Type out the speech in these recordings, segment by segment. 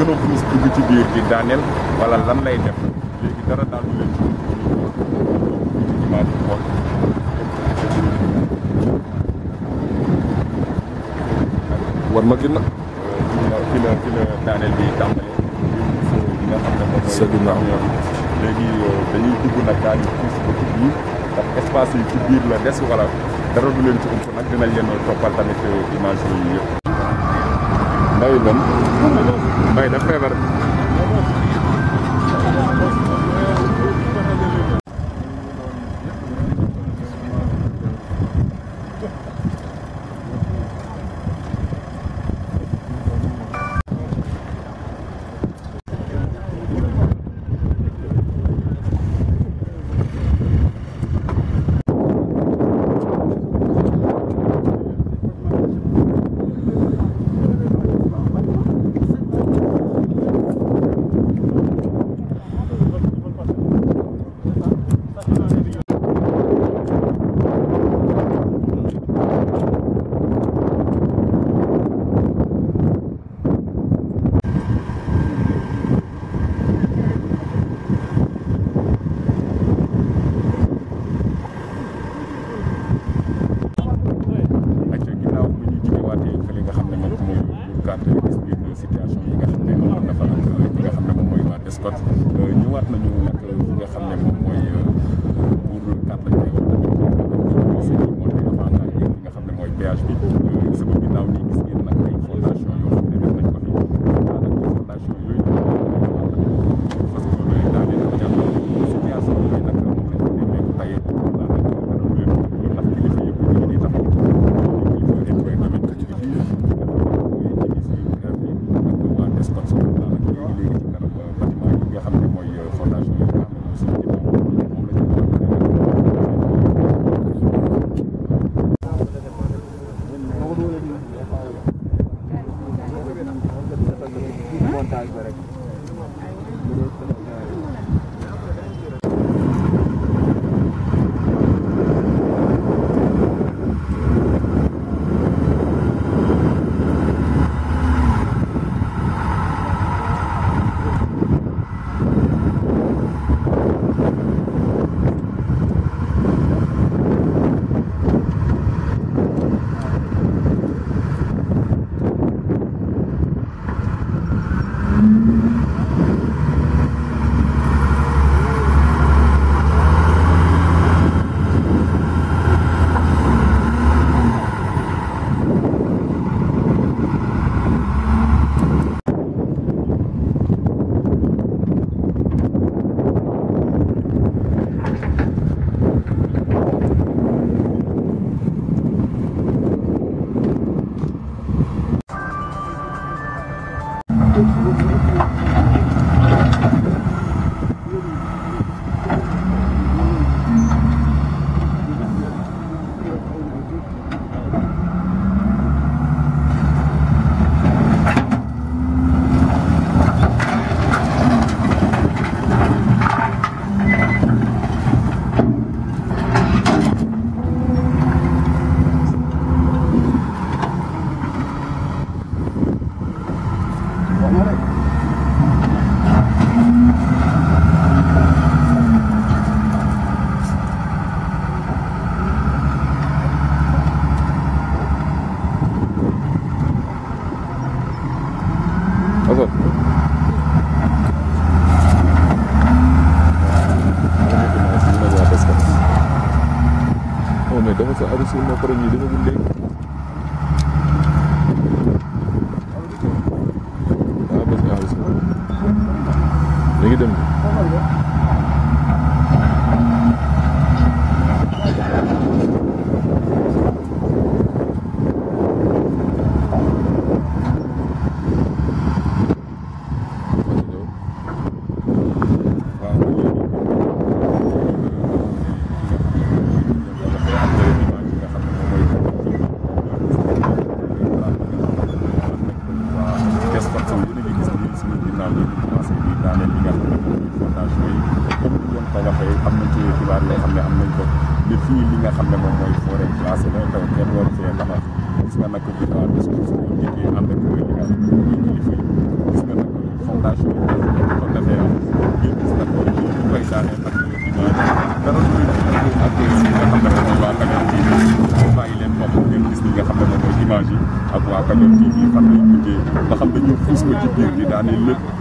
gën a xuus dugg ci biir di daaneel wala lan lay def léegi dara daal ma gën a fi la fi la daaneel bi tàmbalee xam ne moom mooy Seydina léegi euh, dañuy dugg nag daal di ndax espace yi ci biir la des wala dara du leen ci ëmp nag dinañ leen toppal tamit euh, image yooyu yëpp Mbaye man Mbaye dafa feebar. bye you. Uh,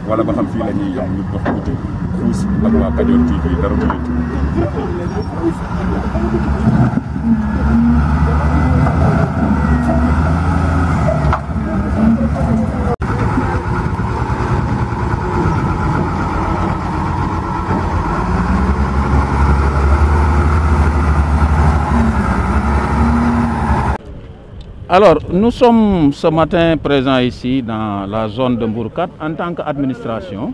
wala ba xam fii la ñuy yem ñu dox ak waa Kadior TV dara mu Alors, nous sommes ce matin présents ici dans la zone de Mbourkat en tant qu'administration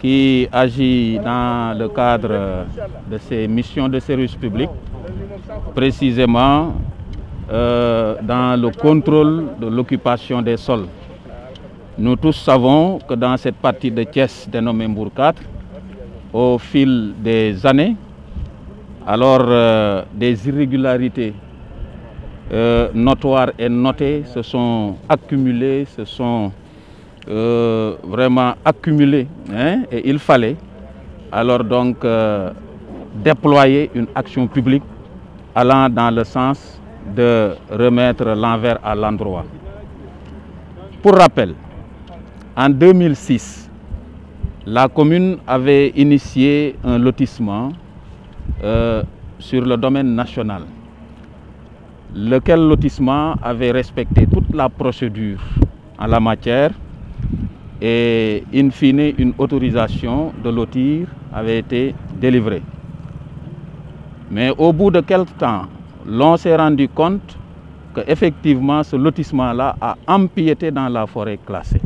qui agit dans le cadre de ses missions de service public, précisément euh, dans le contrôle de l'occupation des sols. Nous tous savons que dans cette partie de Thiès dénommée Mbourkat, au fil des années, alors euh, des irrégularités euh, notoires et notées se sont accumulés, se sont euh, vraiment accumulés, hein, et il fallait alors donc euh, déployer une action publique allant dans le sens de remettre l'envers à l'endroit. Pour rappel, en 2006, la commune avait initié un lotissement sur le domaine national lequel lotissement avait respecté toute la procédure en la matière et in fine une autorisation de lotir avait été délivrée. Mais au bout de quelque temps, l'on s'est rendu compte qu'effectivement ce lotissement-là a empiété dans la forêt classée.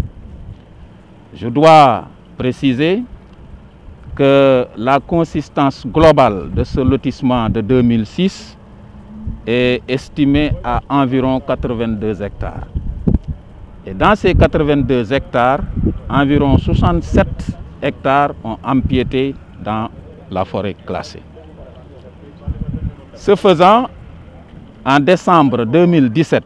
Je dois préciser que la consistance globale de ce lotissement de 2006 est estimé à environ 82 hectares. Et dans ces 82 hectares, environ 67 hectares ont empiété dans la forêt classée. Ce faisant, en décembre 2017,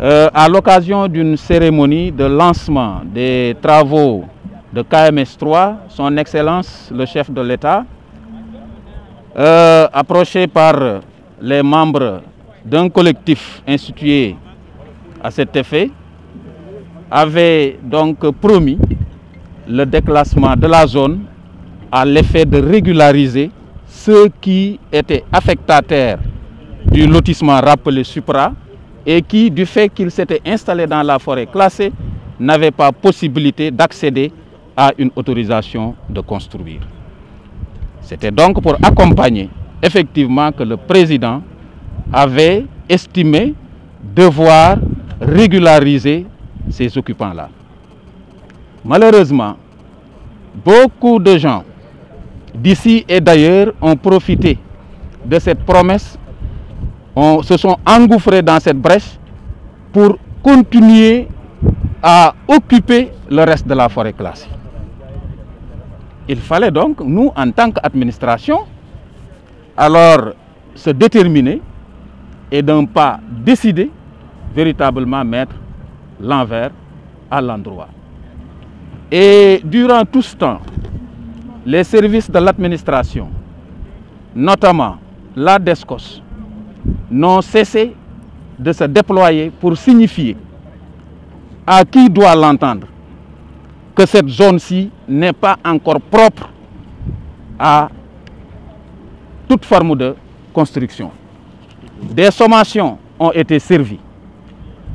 euh, à l'occasion d'une cérémonie de lancement des travaux de KMS3, son Excellence, le chef de l'État, euh, approché par les membres d'un collectif institué à cet effet avaient donc promis le déclassement de la zone à l'effet de régulariser ceux qui étaient affectataires du lotissement rappelé Supra et qui, du fait qu'ils s'étaient installés dans la forêt classée, n'avaient pas possibilité d'accéder à une autorisation de construire. C'était donc pour accompagner effectivement que le président avait estimé devoir régulariser ces occupants-là. Malheureusement, beaucoup de gens d'ici et d'ailleurs ont profité de cette promesse, se sont engouffrés dans cette brèche pour continuer à occuper le reste de la forêt classée. Il fallait donc, nous, en tant qu'administration, alors se déterminer et d'un pas décider véritablement mettre l'envers à l'endroit. Et durant tout ce temps, les services de l'administration, notamment la DESCOS, n'ont cessé de se déployer pour signifier à qui doit l'entendre que cette zone-ci n'est pas encore propre à toute forme de construction. Des sommations ont été servies.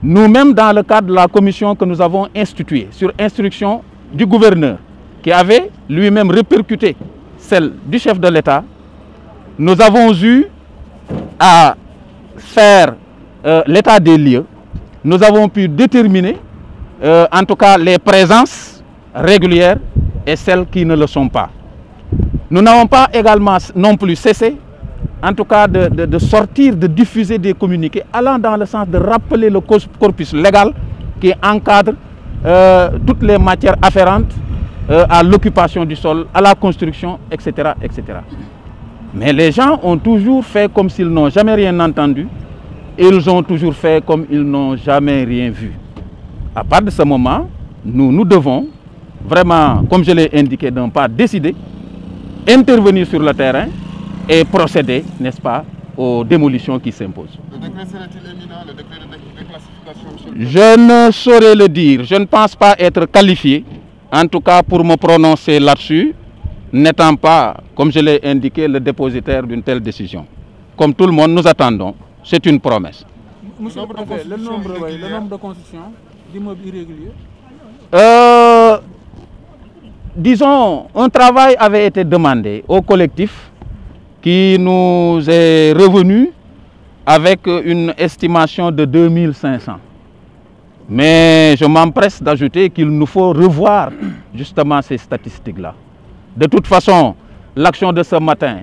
Nous-mêmes, dans le cadre de la commission que nous avons instituée, sur instruction du gouverneur, qui avait lui-même répercuté celle du chef de l'État, nous avons eu à faire euh, l'état des lieux. Nous avons pu déterminer, euh, en tout cas, les présences régulières et celles qui ne le sont pas. Nous n'avons pas également non plus cessé, en tout cas de, sortir, de diffuser des communiqués allant dans le sens de rappeler le corpus légal qui encadre euh, toutes les matières afférentes euh, à l'occupation du sol, à la construction, etc., etc. Mais les gens ont toujours fait comme s'ils n'ont jamais rien entendu et ils ont toujours fait comme ils n'ont jamais rien vu. À partir de ce moment, nous, nous devons vraiment, comme je l'ai indiqué, d'un pas décider intervenir sur le terrain et procéder, n'est-ce pas, aux démolitions qui s'imposent. Le décret serait-il éminent, le décret de déclassification Je ne saurais le dire. Je ne pense pas être qualifié, en tout cas pour me prononcer là-dessus, n'étant pas, comme je l'ai indiqué, le dépositaire d'une telle décision. Comme tout le monde, nous attendons. C'est une promesse. Monsieur le, le nombre de d'immeubles irréguliers euh, disons, un travail avait été demandé au collectif qui nous est revenu avec une estimation de 2500. Mais je m'empresse d'ajouter qu'il nous faut revoir justement ces statistiques-là. De toute façon, l'action de ce matin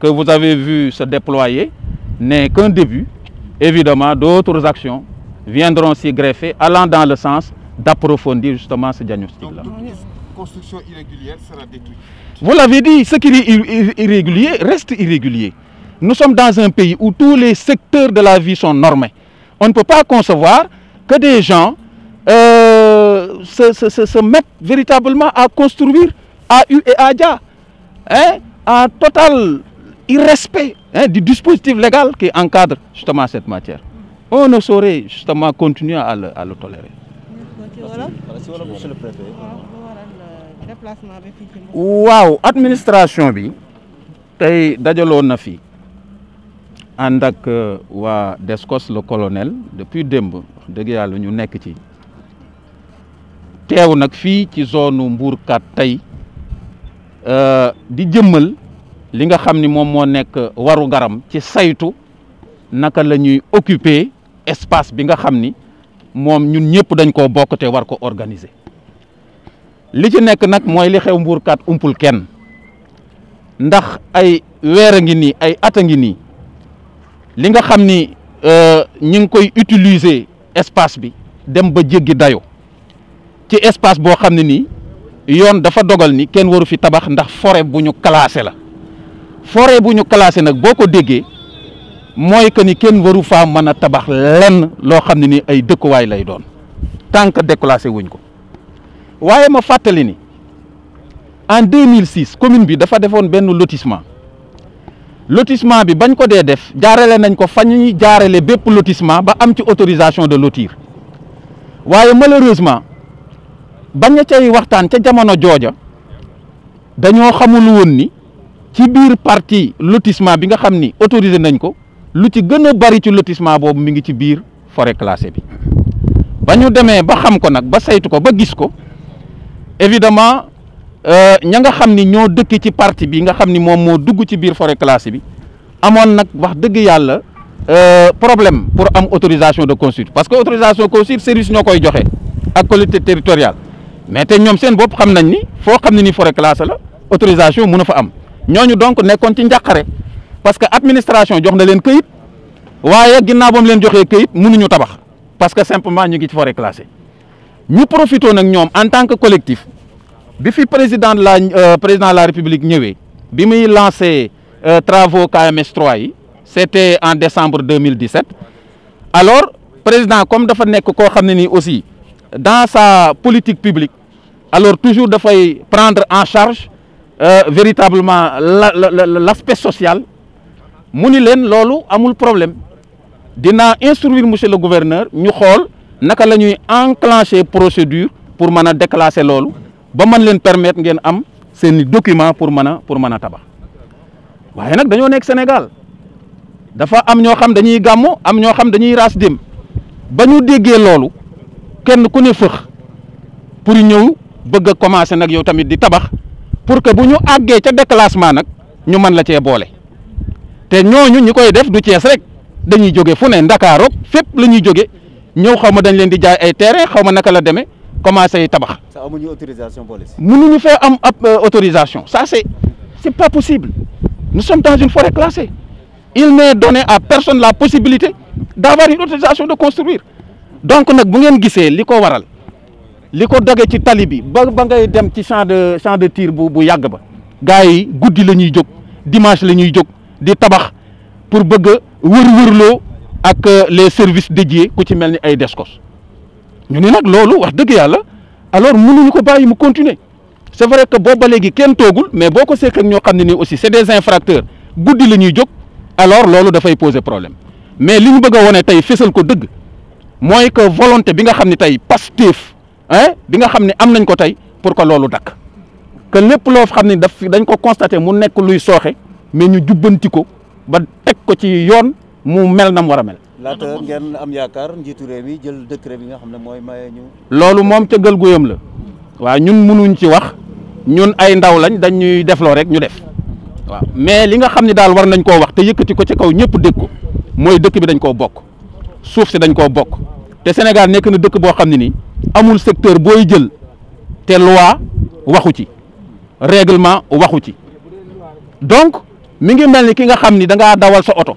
que vous avez vu se déployer n'est qu'un début. Évidemment, d'autres actions viendront s'y greffer, allant dans le sens d'approfondir justement ce diagnostic-là construction irrégulière sera détruite. Vous l'avez dit, ce qui est irrégulier reste irrégulier. Nous sommes dans un pays où tous les secteurs de la vie sont normés. On ne peut pas concevoir que des gens se, mettent véritablement à construire à U et à DIA. Hein, en total irrespect du dispositif légal qui encadre justement cette matière. On ne saurait justement continuer à le, tolérer. déplacement waaw administration bi tey dajaloo na fi ànd ak euh, waa Descos le colonel depuis démb wax dëgg yàlla ñu nekk ci teew nag fii ci zone Mbour 4 tey euh, di jëmmal li nga xam ni moom moo nekk waru garam ci saytu naka la ñuy occuper espace bi nga xam ni moom ñun ñëpp dañ ko bokk te war ko organiser li ci nekk nag mooy li xew mbuurkat umpul kenn ndax ay weer a ngi nii ay at a ngi nii li nga xam ni euh, ñu ngi koy utiliser espace bi dem ba jéggi dayo ci espace boo xam ne nii yoon dafa dogal ni kenn waru fi tabax ndax forêt bu ñu classé la forêt bu ñu classé nag boo ko déggee mooy que ni kenn waru faa mën a tabax lenn loo xam ne ni ay dëkkuwaay lay doon tant que déclassé wuñ ko waaye ma fàttali ni en 2006 commune bi dafa defoon benn lotissement lotissement bi bañ ko dee def jaarale nañ ko fa ñuy jaarale bépp lotissement ba am ci autorisation de lotir waaye malheureusement bañ ca waxtaan ca jamono jooja dañoo xamul woon ni ci biir partie lotissement bi nga xam ni autorisé nañ ko lu ci gën a bari ci lotissement boobu mi ngi ci biir forêt classée bi ba ñu demee ba xam ko nag ba saytu ko ba gis ko. évidemment euh, ña nga xamni ni ñoo dëkk ci parti bi nga xamni mom mo dugg ci biir forêt classée bi amone nak wax dëgg yàlla euh, problème pour am autorisation de construire parce que autorisation construire service ñoo joxé ak collectivité territoriale mais té ñom seen bopp xamnañ ni fo xamni ni forêt classée la autorisation mëna fa am ñoñu donc nekkoon ci ñakaré parce que administration jox na leen këyit waaye ginnaaw ba mu leen joxee këyit mënuñu tabax parce que simplement ñu ngi ci forêt classée nous profitons de en tant que collectif bi président de la euh, président de la république a lancé les euh, travaux KMS 3 c'était en décembre 2017 alors président comme dafa le aussi dans sa politique publique alors toujours dafay prendre en charge euh, véritablement l'aspect social mu lolo eu amul problème dina instruire monsieur le gouverneur ñu naka lañuy enclencher procédure pour mën déclasser lolu ba man leen permettre ngeen am seen document pour mën pour mën tabax waaye nak dañu nek Sénégal dafa am ño xam dañuy gamu am ño xam dañuy raas dem ba déggé lolu kenn ku ne pour ñëw bëgg commencer nak yow tamit di tabax pour que buñu aggé ca déclassement nak ñu man la ci bolé té ñoñu ñi koy def du Cees rek dañuy joggé fune ne Ndakaaroog fépp la ñëw xawma dañ leen di jaay ay terrain xawma naka la demee commencé tabax. ça amuñu autorisation police. ñu fee am euh, autorisation ça c'est c'est pas possible nous sommes dans une forêt classée il n'est donné à personne la possibilité d'avoir une autorisation de construire donc nak bu ngeen gissé liko waral liko ko ci tali bi ba ba ngay dem ci champ de champ de tir bu bu yag ba gaay goudi lañuy jog dimanche lañuy jog di tabax pour bëgg wër wërlo ak euh, les services dédiés ku ci melni ay descos ñu ni nak lolu wax deug yalla alors ñu ko bayyi mu continuer c'est vrai que booba léegi kenn Togul, mais boko sék ak ño xamni ni aussi c'est des infracteurs goudi la ñuy alors alors da fay poser problème mais liñu bëgg woné tay fessel ko deug moy que volonté bi nga xamni tay pastif hein bi nga xamni am nañ ko tay pour que lolu dak. que lepp lo xamni daf dañ ko constater mu nek luy soxé mais ñu jubbanti ko ba tek ko ci yoon mu mel na mu war a mel. laata ngeen am yaakaar njiitu réew mi jël décret bi nga xam ne mooy maye ñu. loolu moom cëggal guyam la waa ñun mënuñ ci wax ñun ay ndaw lañ dañ ñuy defloo rek ñu def waaw mais li nga xam ne daal war nañ koo wax te yëkkati ko ci kaw ñëpp dégg ko mooy dëkk bi dañ koo bokk suuf si dañ koo bokk te Sénégal nekk na dëkk boo xam ne nii amul secteur booy jël te loi waxu ci réglement waxu ci donc mi ngi mel ni ki nga xam ni da ngaa dawal sa oto.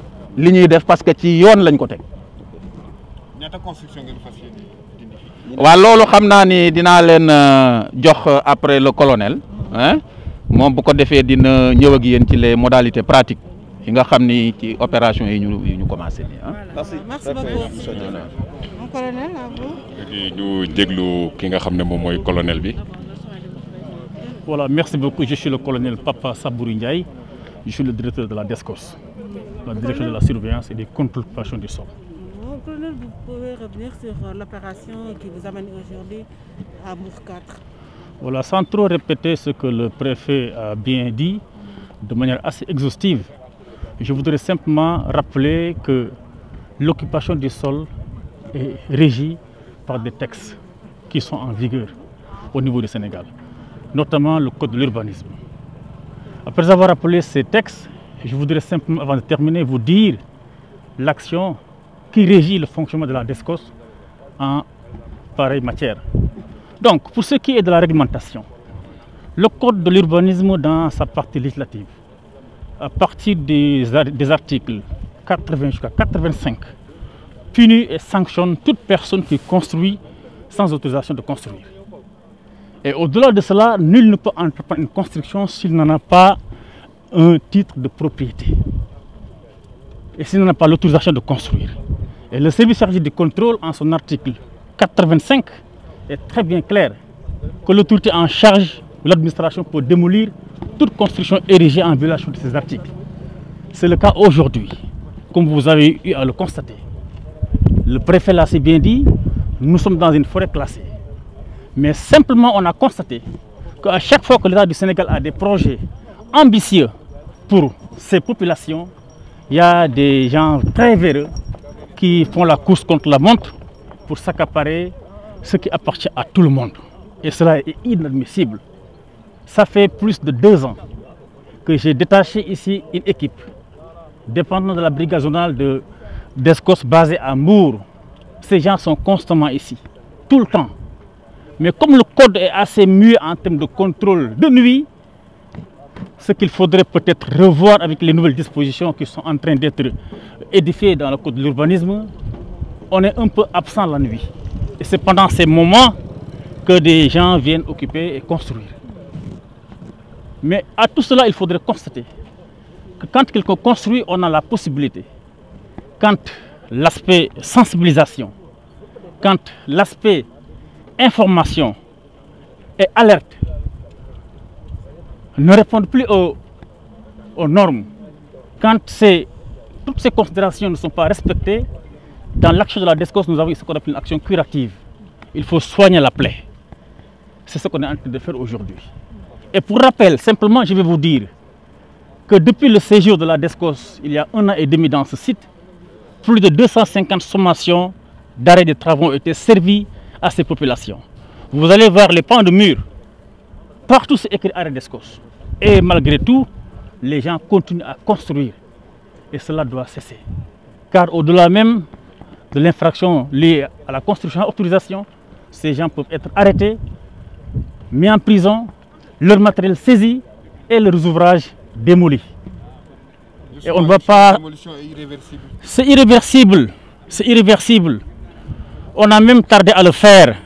ce qu'on def parce que ci yoon lañ ko teg. ñaata construction ngeen fas yéene. waaw loolu xam naa ni dinaa leen euh, jox après le colonel hein va bu ko dina ñëw ak ci les modalités pratiques yi nga xam ci opération yi ñu ñu commencé hein. merci merci beaucoup colonel à vous. déglu ki nga xam ne moom le colonel bi. voilà merci beaucoup je suis le colonel Papa Sabouri Ndiaye je suis le directeur de la DESCOS la bah, direction de la surveillance et des contrôles du sol. Colonel, vous pouvez revenir sur euh, l'opération qui vous amène aujourd'hui à Bourg 4. Voilà, sans trop répéter ce que le préfet a bien dit de manière assez exhaustive, je voudrais simplement rappeler que l'occupation du sol est régie par des textes qui sont en vigueur au niveau du Sénégal, notamment le code de l'urbanisme. Après avoir rappelé ces textes, je voudrais simplement, avant de terminer, vous dire l'action qui régit le fonctionnement de la DESCOS en pareille matière. Donc, pour ce qui est de la réglementation, le Code de l'urbanisme dans sa partie législative, à partir des, articles 80 jusqu'à 85, punit et sanctionne toute personne qui construit sans autorisation de construire. Et au-delà de cela, nul ne peut entreprendre une construction s'il n'en a pas un titre de propriété. Et on n'a pas l'autorisation de construire. Et le service chargé du contrôle, en son article 85, est très bien clair que l'autorité en charge de l'administration pour démolir toute construction érigée en violation de ces articles. C'est le cas aujourd'hui, comme vous avez eu à le constater. Le préfet l'a assez bien dit, nous sommes dans une forêt classée. Mais simplement, on a constaté qu'à chaque fois que l'État du Sénégal a des projets ambitieux pour ces populations, il y a des gens très véreux qui font la course contre la montre pour s'accaparer ce qui appartient à tout le monde. Et cela est inadmissible. Ça fait plus de deux ans que j'ai détaché ici une équipe dépendant de la brigade zonale de basée à Mour. Ces gens sont constamment ici, tout le temps. Mais comme le code est assez muet en termes de contrôle de nuit, ce qu'il faudrait peut-être revoir avec les nouvelles dispositions qui sont en train d'être édifiées dans le code de l'urbanisme, on est un peu absent la nuit. Et c'est pendant ces moments que des gens viennent occuper et construire. Mais à tout cela, il faudrait constater que quand quelqu'un construit, on a la possibilité. Quand l'aspect sensibilisation, quand l'aspect information est alerte ne répondent plus aux, normes. Quand toutes ces considérations ne sont pas respectées, dans l'action de la DESCOS, nous avons ce qu'on appelle une action curative. Il faut soigner la plaie. C'est ce qu'on est en train de faire aujourd'hui. Et pour rappel, simplement, je vais vous dire que depuis le séjour de la DESCOS, il y a un an et demi dans ce site, plus de 250 sommations d'arrêt de travaux ont été servies à ces populations. Vous allez voir les pans de murs Partout c'est écrit arrêt Et malgré tout, les gens continuent à construire. Et cela doit cesser. Car au-delà même de l'infraction liée à la construction autorisation, ces gens peuvent être arrêtés, mis en prison, leur matériel saisi et leurs ouvrages démolis. Et on ne va pas... C'est irréversible. C'est irréversible. On a même tardé à le faire.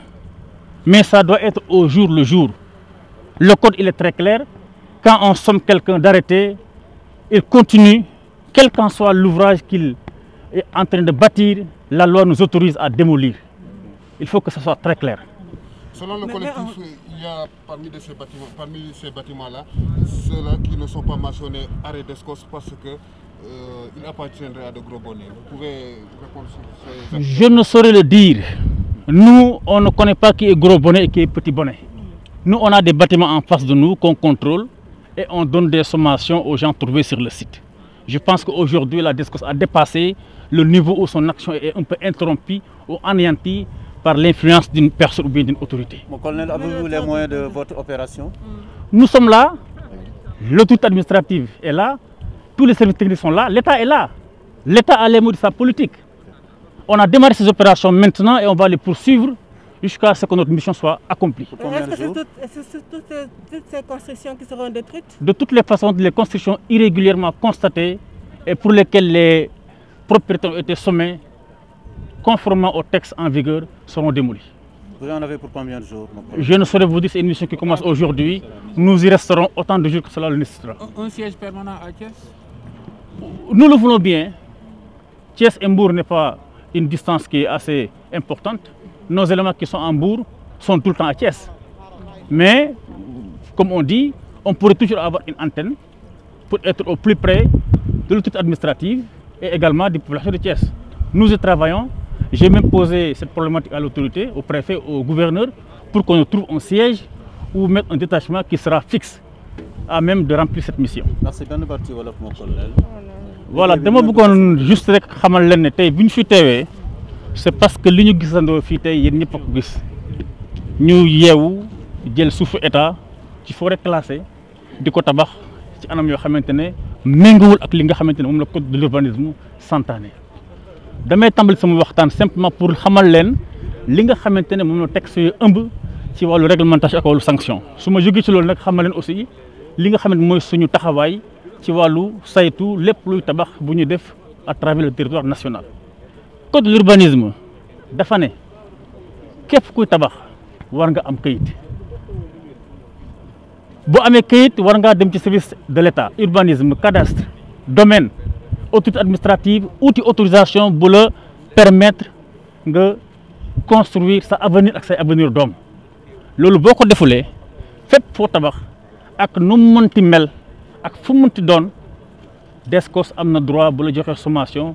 Mais ça doit être au jour le jour. Le code, il est très clair. Quand on somme quelqu'un d'arrêter, il continue, quel qu'en soit l'ouvrage qu'il est en train de bâtir, la loi nous autorise à démolir. Il faut que ce soit très clair. Selon le collectif, il y a parmi ces bâtiments-là, bâtiments ceux-là qui ne sont pas mentionnés à d'escorte parce qu'ils euh, appartiendraient à de gros bonnets. Vous pouvez répondre sur ces... Je ne saurais le dire. Nous, on ne connaît pas qui est gros bonnet et qui est petit bonnet. Nous, on a des bâtiments en face de nous qu'on contrôle et on donne des sommations aux gens trouvés sur le site. Je pense qu'aujourd'hui, la DESCOS a dépassé le niveau où son action est un peu interrompue ou anéantie par l'influence d'une personne ou bien d'une autorité. Mon colonel, avez-vous les moyens de votre opération mm. Nous sommes là, le tout administratif est là, tous les services techniques sont là, l'État est là. L'État a les mots de sa politique. On a démarré ces opérations maintenant et on va les poursuivre jusqu'à ce que notre mission soit accomplie. Est-ce que c'est toutes, ces constructions qui seront détruites De toutes les façons, les constructions irrégulièrement constatées et pour lesquelles les propriétaires ont été sommés, conformément aux textes en vigueur, seront démolies. Vous en avez pour combien de jours Je ne saurais vous dire, c'est une mission qui commence aujourd'hui. Nous y resterons autant de jours que cela le nécessitera. Un, siège permanent à Thiès Nous le voulons bien. Thiès et n'est pas une distance qui est assez importante nos éléments qui sont en bourg sont tout le temps à Thiès. Mais, comme on dit, on pourrait toujours avoir une antenne pour être au plus près de l'autorité administrative et également des populations de Thiès. Nous y travaillons. J'ai même posé cette problématique à l'autorité, au préfet, au gouverneur, pour qu'on trouve un siège ou mettre un détachement qui sera fixe à même de remplir cette mission. Voilà, demain, vous juste c'est parce que li ñu gisandoo fii tey yéen ñëpp a ko gis ñu yeewu jël suufu état ci forêt classée di ko tabax ci anam yoo xamante ne méngoowul ak li nga xamante ne moom la code de l'urbanisme santaane damay tàmbali sama waxtaan simplement pour xamal leen li nga xamante ne moom la texte yu ëmb ci wàllu réglementation ak wàllu sanction su ma sur ci loolu nag xamal leen aussi li nga xamante mooy suñu taxawaay ci wàllu saytu lépp luy tabax bu ñu def à travers le territoire national code l'urbanisme dafa ne képp kuy tabax war nga am kayit bu amé kayit war nga dem ci service de l'état urbanisme cadastre domaine autorité administrative outil autorisation bu le permettre nga construire sa avenir ak say avenir dom lolou boko defulé defulee fépp tabax ak nu mënti mel ak fu mënti doon descos amna droit bu la joxe sommation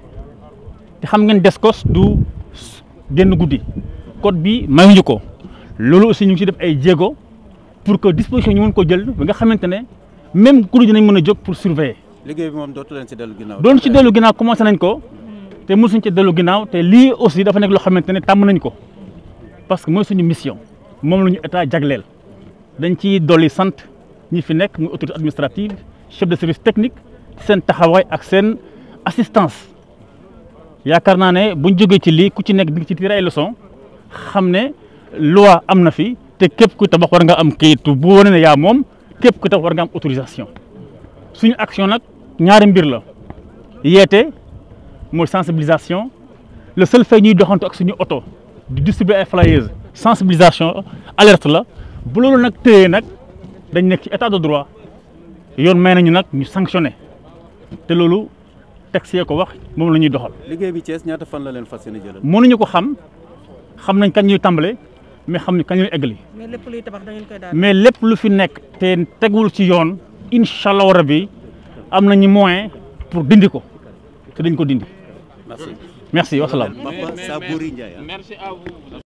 xam ngeen DSCOS du génn guddi code bi mayuñu ko loolu aussi ñu ngi ci def ay jéego pour que disposition ñu mën ko jël ba nga xamante ne même kuréel dinañ mën a jóg pour surveiller. liggéey bi moom dootu leen ci dellu ginnaaw. doon ci dellu ginnaaw commencé nañ ko te mësuñ ci dellu ginnaaw te lii aussi dafa nekk loo xamante ne tàmm nañ ko parce que mooy suñu mission moom la ñu état jagleel dañ ciy dolli sant ñi fi nekk muy autorité administrative chef de service technique seen taxawaay ak seen assistance yaakaar naa ne buñ jógee ci li ku ci nek di ci tirer ay leçon xamné loi amna fi té képp ku tabax war nga am kayitu bu woné ya mom képp ku tabax war nga am autorisation suñu action nak ñaari mbir la yété mooy sensibilisation le seul fait ñuy doxantu ak suñu auto di distribuer ay flyers sensibilisation alerte la bu lolu nak téyé nak dañ nek ci état de droit yoon may nañu nak ñu sanctionné té lolu texte yee ko wax moom la ñuy doxal. liggéey bi Thiès ñaata fan la leen fas yéene jëlal. mënuñu ko xam xam nañ kañ ñuy tàmbale mais xam nañ kañ ñuy eggali. mais lépp luy tabax da ngeen koy daal. mais lépp lu fi nekk te tegul ci yoon incha allahu rabi am nañu moyen pour dindi ko te dañ ko dindi. merci merci wasalaam. Papa